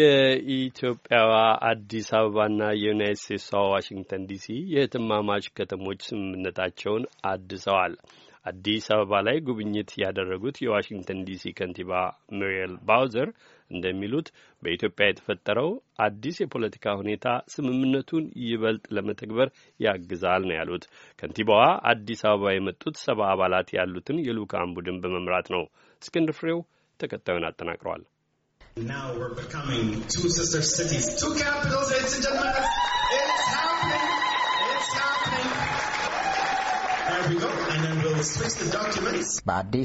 የኢትዮጵያዋ አዲስ አበባና የዩናይት ስቴትስዋ ዋሽንግተን ዲሲ የህትማማች ከተሞች ስምምነታቸውን አድሰዋል። አዲስ አበባ ላይ ጉብኝት ያደረጉት የዋሽንግተን ዲሲ ከንቲባ ሚሪየል ባውዘር እንደሚሉት በኢትዮጵያ የተፈጠረው አዲስ የፖለቲካ ሁኔታ ስምምነቱን ይበልጥ ለመተግበር ያግዛል ነው ያሉት። ከንቲባዋ አዲስ አበባ የመጡት ሰባ አባላት ያሉትን የልዑካን ቡድን በመምራት ነው። እስክንድር ፍሬው ተከታዩን አጠናቅረዋል። በአዲስ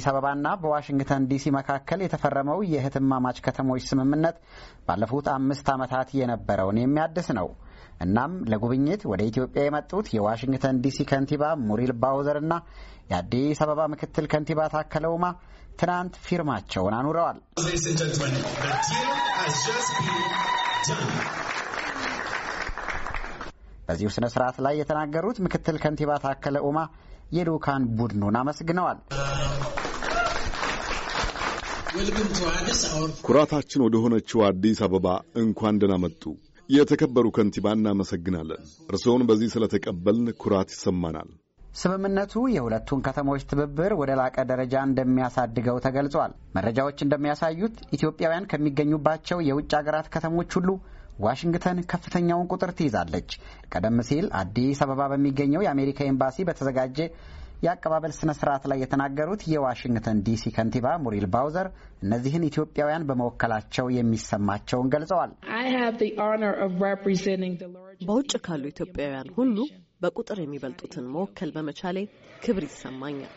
አበባና በዋሽንግተን ዲሲ መካከል የተፈረመው የእህትማማች ከተሞች ስምምነት ባለፉት አምስት ዓመታት የነበረውን የሚያድስ ነው። እናም ለጉብኝት ወደ ኢትዮጵያ የመጡት የዋሽንግተን ዲሲ ከንቲባ ሙሪል ባውዘር እና የአዲስ አበባ ምክትል ከንቲባ ታከለ ኡማ ትናንት ፊርማቸውን አኑረዋል። በዚሁ ስነ ስርዓት ላይ የተናገሩት ምክትል ከንቲባ ታከለ ኡማ የልኡካን ቡድኑን አመስግነዋል። ኩራታችን ወደ ሆነችው አዲስ አበባ እንኳን ደህና መጡ። የተከበሩ ከንቲባ እናመሰግናለን። እርስዎን በዚህ ስለተቀበልን ኩራት ይሰማናል። ስምምነቱ የሁለቱን ከተሞች ትብብር ወደ ላቀ ደረጃ እንደሚያሳድገው ተገልጿል። መረጃዎች እንደሚያሳዩት ኢትዮጵያውያን ከሚገኙባቸው የውጭ አገራት ከተሞች ሁሉ ዋሽንግተን ከፍተኛውን ቁጥር ትይዛለች። ቀደም ሲል አዲስ አበባ በሚገኘው የአሜሪካ ኤምባሲ በተዘጋጀ የአቀባበል ስነ ስርዓት ላይ የተናገሩት የዋሽንግተን ዲሲ ከንቲባ ሙሪል ባውዘር እነዚህን ኢትዮጵያውያን በመወከላቸው የሚሰማቸውን ገልጸዋል። በውጭ ካሉ ኢትዮጵያውያን ሁሉ በቁጥር የሚበልጡትን መወከል በመቻሌ ክብር ይሰማኛል።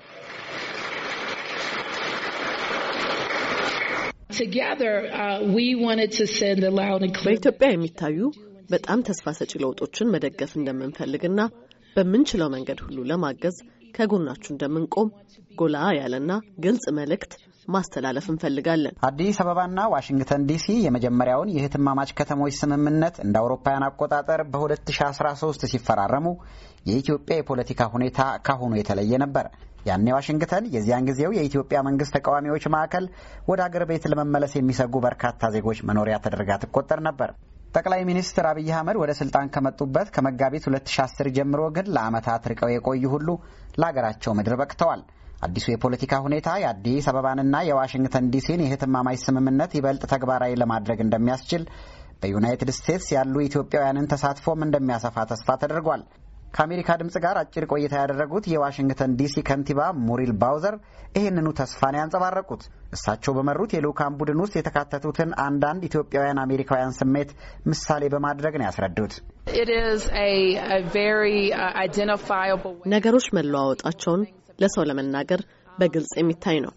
uh, በኢትዮጵያ የሚታዩ በጣም ተስፋ ሰጪ ለውጦችን መደገፍ እንደምንፈልግና በምንችለው መንገድ ሁሉ ለማገዝ ከጎናችሁ እንደምንቆም ጎላ ያለና ግልጽ መልእክት ማስተላለፍ እንፈልጋለን። አዲስ አበባና ዋሽንግተን ዲሲ የመጀመሪያውን የህትማማች ከተሞች ስምምነት እንደ አውሮፓውያን አቆጣጠር በ2013 ሲፈራረሙ የኢትዮጵያ የፖለቲካ ሁኔታ ካሁኑ የተለየ ነበር። ያኔ ዋሽንግተን የዚያን ጊዜው የኢትዮጵያ መንግስት ተቃዋሚዎች ማዕከል፣ ወደ አገር ቤት ለመመለስ የሚሰጉ በርካታ ዜጎች መኖሪያ ተደርጋ ትቆጠር ነበር። ጠቅላይ ሚኒስትር አብይ አህመድ ወደ ስልጣን ከመጡበት ከመጋቢት 2010 ጀምሮ ግን ለዓመታት ርቀው የቆዩ ሁሉ ለሀገራቸው ምድር በቅተዋል። አዲሱ የፖለቲካ ሁኔታ የአዲስ አበባንና የዋሽንግተን ዲሲን የህትማማች ስምምነት ይበልጥ ተግባራዊ ለማድረግ እንደሚያስችል በዩናይትድ ስቴትስ ያሉ ኢትዮጵያውያንን ተሳትፎም እንደሚያሰፋ ተስፋ ተደርጓል። ከአሜሪካ ድምፅ ጋር አጭር ቆይታ ያደረጉት የዋሽንግተን ዲሲ ከንቲባ ሙሪል ባውዘር ይህንኑ ተስፋን ያንጸባረቁት እሳቸው በመሩት የልዑካን ቡድን ውስጥ የተካተቱትን አንዳንድ ኢትዮጵያውያን አሜሪካውያን ስሜት ምሳሌ በማድረግ ነው ያስረዱት። uh, ነገሮች መለዋወጣቸውን ለሰው ለመናገር በግልጽ የሚታይ ነው።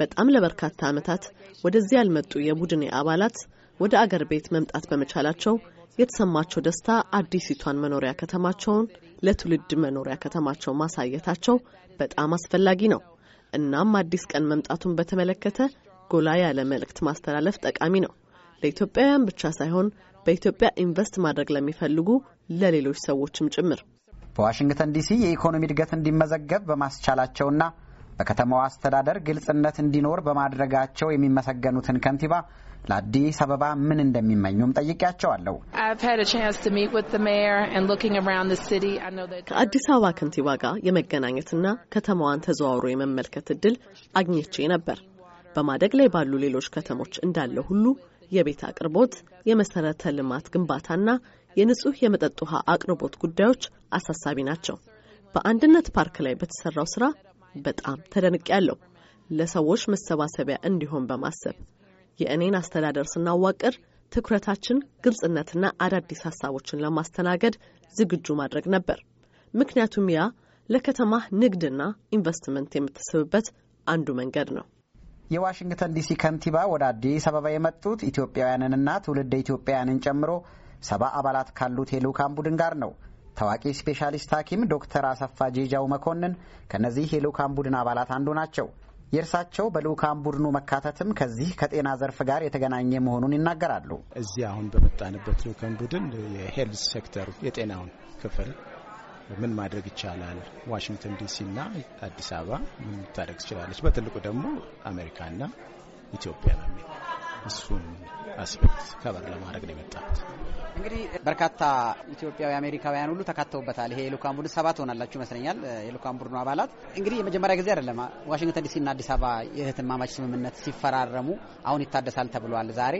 በጣም ለበርካታ ዓመታት ወደዚህ ያልመጡ የቡድኔ አባላት ወደ አገር ቤት መምጣት በመቻላቸው የተሰማቸው ደስታ አዲሲቷን መኖሪያ ከተማቸውን ለትውልድ መኖሪያ ከተማቸው ማሳየታቸው በጣም አስፈላጊ ነው። እናም አዲስ ቀን መምጣቱን በተመለከተ ጎላ ያለ መልእክት ማስተላለፍ ጠቃሚ ነው። ለኢትዮጵያውያን ብቻ ሳይሆን በኢትዮጵያ ኢንቨስት ማድረግ ለሚፈልጉ ለሌሎች ሰዎችም ጭምር በዋሽንግተን ዲሲ የኢኮኖሚ እድገት እንዲመዘገብ በማስቻላቸውና በከተማዋ አስተዳደር ግልጽነት እንዲኖር በማድረጋቸው የሚመሰገኑትን ከንቲባ ለአዲስ አበባ ምን እንደሚመኙም ጠይቄያቸዋለሁ። ከአዲስ አበባ ከንቲባ ጋር የመገናኘትና ከተማዋን ተዘዋውሮ የመመልከት እድል አግኝቼ ነበር። በማደግ ላይ ባሉ ሌሎች ከተሞች እንዳለ ሁሉ የቤት አቅርቦት፣ የመሰረተ ልማት ግንባታና የንጹህ የመጠጥ ውሃ አቅርቦት ጉዳዮች አሳሳቢ ናቸው። በአንድነት ፓርክ ላይ በተሰራው ስራ በጣም ተደንቄያለሁ። ለሰዎች መሰባሰቢያ እንዲሆን በማሰብ የእኔን አስተዳደር ስናዋቅር ትኩረታችን ግልጽነትና አዳዲስ ሀሳቦችን ለማስተናገድ ዝግጁ ማድረግ ነበር። ምክንያቱም ያ ለከተማ ንግድና ኢንቨስትመንት የምትስብበት አንዱ መንገድ ነው። የዋሽንግተን ዲሲ ከንቲባ ወደ አዲስ አበባ የመጡት ኢትዮጵያውያንንና ትውልድ ኢትዮጵያውያንን ጨምሮ ሰባ አባላት ካሉት የልዑካን ቡድን ጋር ነው። ታዋቂ ስፔሻሊስት ሐኪም ዶክተር አሰፋ ጄጃው መኮንን ከእነዚህ የልዑካን ቡድን አባላት አንዱ ናቸው። የእርሳቸው በልዑካን ቡድኑ መካተትም ከዚህ ከጤና ዘርፍ ጋር የተገናኘ መሆኑን ይናገራሉ። እዚህ አሁን በመጣንበት ልዑካን ቡድን የሄልዝ ሴክተር የጤናውን ክፍል ምን ማድረግ ይቻላል፣ ዋሽንግተን ዲሲና አዲስ አበባ ምን ታደረግ ትችላለች፣ በትልቁ ደግሞ አሜሪካና ኢትዮጵያ ነው የሚል እሱን አስፔክት ከበር ለማድረግ ነው የመጣሁት። እንግዲህ በርካታ ኢትዮጵያዊ አሜሪካውያን ሁሉ ተካተውበታል። ይሄ የልኡካን ቡድን ሰባት ሆናላችሁ ይመስለኛል። የልኡካን ቡድኑ አባላት እንግዲህ የመጀመሪያ ጊዜ አይደለም። ዋሽንግተን ዲሲ እና አዲስ አበባ የእህትማማች ስምምነት ሲፈራረሙ አሁን ይታደሳል ተብሏል። ዛሬ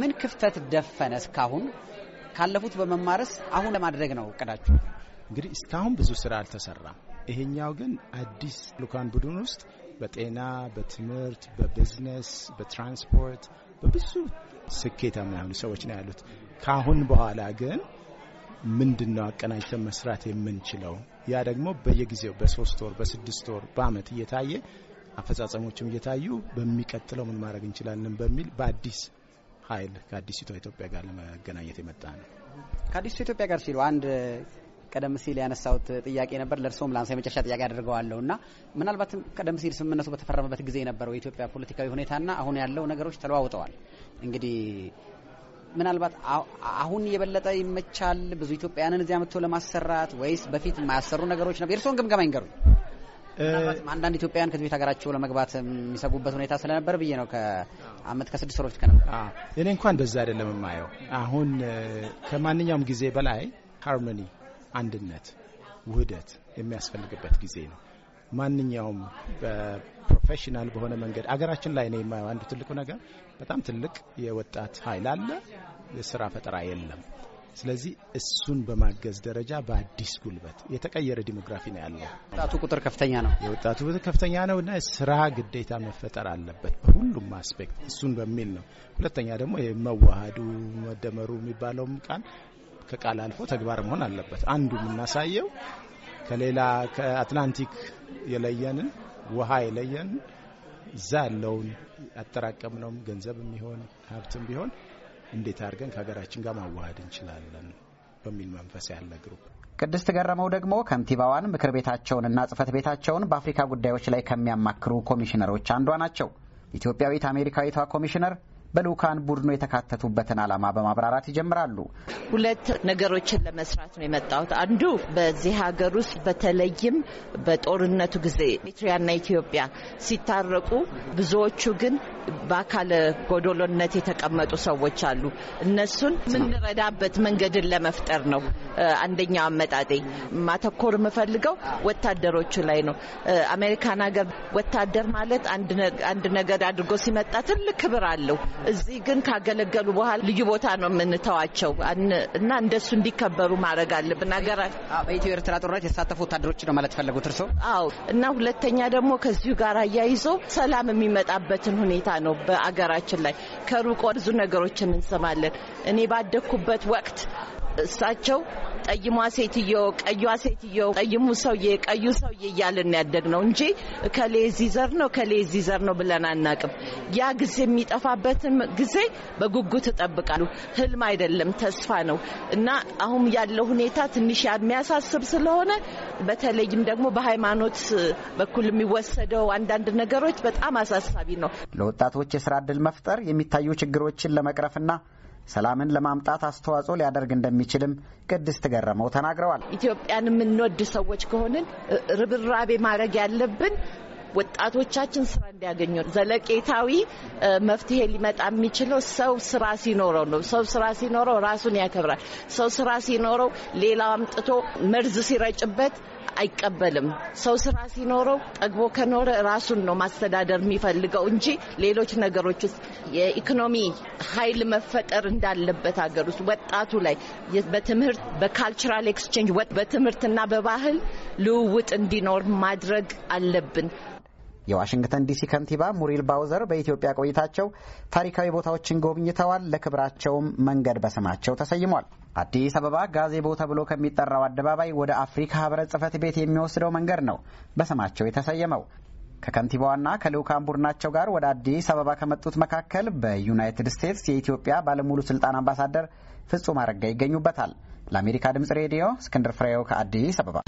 ምን ክፍተት ደፈነ? እስካሁን ካለፉት በመማረስ አሁን ለማድረግ ነው እቅዳችሁ? እንግዲህ እስካሁን ብዙ ስራ አልተሰራም። ይሄኛው ግን አዲስ ልኡካን ቡድን ውስጥ በጤና፣ በትምህርት፣ በቢዝነስ፣ በትራንስፖርት በብዙ ስኬታማ የሆኑ ሰዎች ነው ያሉት። ከአሁን በኋላ ግን ምንድን ነው አቀናጅተን መስራት የምንችለው? ያ ደግሞ በየጊዜው በሶስት ወር በስድስት ወር በአመት እየታየ አፈጻጸሞችም እየታዩ በሚቀጥለው ምን ማድረግ እንችላለን በሚል በአዲስ ኃይል ከአዲሲቷ ኢትዮጵያ ጋር ለመገናኘት የመጣ ነው። ከአዲሲቷ ኢትዮጵያ ጋር ሲሉ አንድ ቀደም ሲል ያነሳሁት ጥያቄ ነበር። ለእርስዎም ለአንሳ የመጨረሻ ጥያቄ አድርገዋለሁ እና ምናልባትም ቀደም ሲል ስምምነቱ በተፈረመበት ጊዜ የነበረው የኢትዮጵያ ፖለቲካዊ ሁኔታና አሁን ያለው ነገሮች ተለዋውጠዋል። እንግዲህ ምናልባት አሁን የበለጠ ይመቻል ብዙ ኢትዮጵያውያንን እዚያ መጥቶ ለማሰራት ወይስ በፊት የማያሰሩ ነገሮች ነበር? የእርስዎን ግምገማ ይንገሩኝ። አንዳንድ ኢትዮጵያውያን ከዚህ ቤት ሀገራቸው ለመግባት የሚሰጉበት ሁኔታ ስለነበር ብዬ ነው። ከአመት ከስድስት ወሮች ከነበር እኔ እንኳን እንደዛ አይደለም የማየው። አሁን ከማንኛውም ጊዜ በላይ ሃርሞኒ አንድነት፣ ውህደት የሚያስፈልግበት ጊዜ ነው። ማንኛውም በፕሮፌሽናል በሆነ መንገድ አገራችን ላይ ነው የማየው አንዱ ትልቁ ነገር በጣም ትልቅ የወጣት ኃይል አለ፣ የስራ ፈጠራ የለም። ስለዚህ እሱን በማገዝ ደረጃ በአዲስ ጉልበት የተቀየረ ዲሞግራፊ ነው ያለው። ወጣቱ ቁጥር ከፍተኛ ነው፣ የወጣቱ ቁጥር ከፍተኛ ነው እና ስራ ግዴታ መፈጠር አለበት በሁሉም አስፔክት እሱን በሚል ነው። ሁለተኛ ደግሞ መዋሃዱ መደመሩ የሚባለውም ቃል ከቃል አልፎ ተግባር መሆን አለበት። አንዱ የምናሳየው ከሌላ ከአትላንቲክ የለየንን ውሃ የለየንን እዛ ያለውን ያጠራቀምነውም ገንዘብ የሚሆን ሀብትም ቢሆን እንዴት አድርገን ከሀገራችን ጋር ማዋሃድ እንችላለን በሚል መንፈስ ያለ ግሩፕ። ቅድስት ገረመው ደግሞ ከንቲባዋን ምክር ቤታቸውንና ጽህፈት ቤታቸውን በአፍሪካ ጉዳዮች ላይ ከሚያማክሩ ኮሚሽነሮች አንዷ ናቸው። ኢትዮጵያዊት አሜሪካዊቷ ኮሚሽነር በልኡካን ቡድኑ የተካተቱበትን ዓላማ በማብራራት ይጀምራሉ። ሁለት ነገሮችን ለመስራት ነው የመጣሁት። አንዱ በዚህ ሀገር ውስጥ በተለይም በጦርነቱ ጊዜ ኤርትራና ኢትዮጵያ ሲታረቁ ብዙዎቹ ግን በአካለ ጎዶሎነት የተቀመጡ ሰዎች አሉ። እነሱን የምንረዳበት መንገድን ለመፍጠር ነው አንደኛው አመጣጤ። ማተኮር የምፈልገው ወታደሮቹ ላይ ነው። አሜሪካን ሀገር ወታደር ማለት አንድ ነገር አድርጎ ሲመጣ ትልቅ ክብር አለው። እዚህ ግን ካገለገሉ በኋላ ልዩ ቦታ ነው የምንተዋቸው እና እንደሱ እንዲከበሩ ማድረግ አለብን። ሀገራ በኢትዮ ኤርትራ ጦርነት የተሳተፉ ወታደሮች ነው ማለት ፈለጉት እርሶ? አዎ። እና ሁለተኛ ደግሞ ከዚሁ ጋር አያይዞ ሰላም የሚመጣበትን ሁኔታ ነው በአገራችን ላይ ከሩቆ ብዙ ነገሮችን እንሰማለን። እኔ ባደግኩበት ወቅት እሳቸው ቀይሟ ሴትዮ፣ ቀዩዋ ሴትዮ፣ ቀይሙ ሰውዬ፣ ቀዩ ሰውዬ እያልን ያደግ ነው እንጂ እከሌ እዚህ ዘር ነው እከሌ እዚህ ዘር ነው ብለን አናቅም። ያ ጊዜ የሚጠፋበትም ጊዜ በጉጉት እጠብቃሉ። ህልም አይደለም ተስፋ ነው እና አሁን ያለው ሁኔታ ትንሽ የሚያሳስብ ስለሆነ በተለይም ደግሞ በሃይማኖት በኩል የሚወሰደው አንዳንድ ነገሮች በጣም አሳሳቢ ነው። ለወጣቶች የስራ ድል መፍጠር የሚታዩ ችግሮችን ለመቅረፍና ሰላምን ለማምጣት አስተዋጽኦ ሊያደርግ እንደሚችልም ቅድስት ገረመው ተናግረዋል። ኢትዮጵያን የምንወድ ሰዎች ከሆንን ርብራቤ ማድረግ ያለብን ወጣቶቻችን ስራ እንዲያገኙ። ዘለቄታዊ መፍትሄ ሊመጣ የሚችለው ሰው ስራ ሲኖረው ነው። ሰው ስራ ሲኖረው ራሱን ያከብራል። ሰው ስራ ሲኖረው ሌላው አምጥቶ መርዝ ሲረጭበት አይቀበልም። ሰው ስራ ሲኖረው ጠግቦ ከኖረ ራሱን ነው ማስተዳደር የሚፈልገው እንጂ ሌሎች ነገሮች ውስጥ የኢኮኖሚ ኃይል መፈጠር እንዳለበት ሀገር ውስጥ ወጣቱ ላይ በትምህርት በካልቸራል ኤክስቼንጅ በትምህርትና በባህል ልውውጥ እንዲኖር ማድረግ አለብን። የዋሽንግተን ዲሲ ከንቲባ ሙሪል ባውዘር በኢትዮጵያ ቆይታቸው ታሪካዊ ቦታዎችን ጎብኝተዋል። ለክብራቸውም መንገድ በስማቸው ተሰይሟል። አዲስ አበባ ጋዜቦ ተብሎ ከሚጠራው አደባባይ ወደ አፍሪካ ህብረት ጽህፈት ቤት የሚወስደው መንገድ ነው በስማቸው የተሰየመው። ከከንቲባዋና ከልዑካን ቡድናቸው ጋር ወደ አዲስ አበባ ከመጡት መካከል በዩናይትድ ስቴትስ የኢትዮጵያ ባለሙሉ ስልጣን አምባሳደር ፍጹም አረጋ ይገኙበታል። ለአሜሪካ ድምጽ ሬዲዮ እስክንድር ፍሬው ከአዲስ አበባ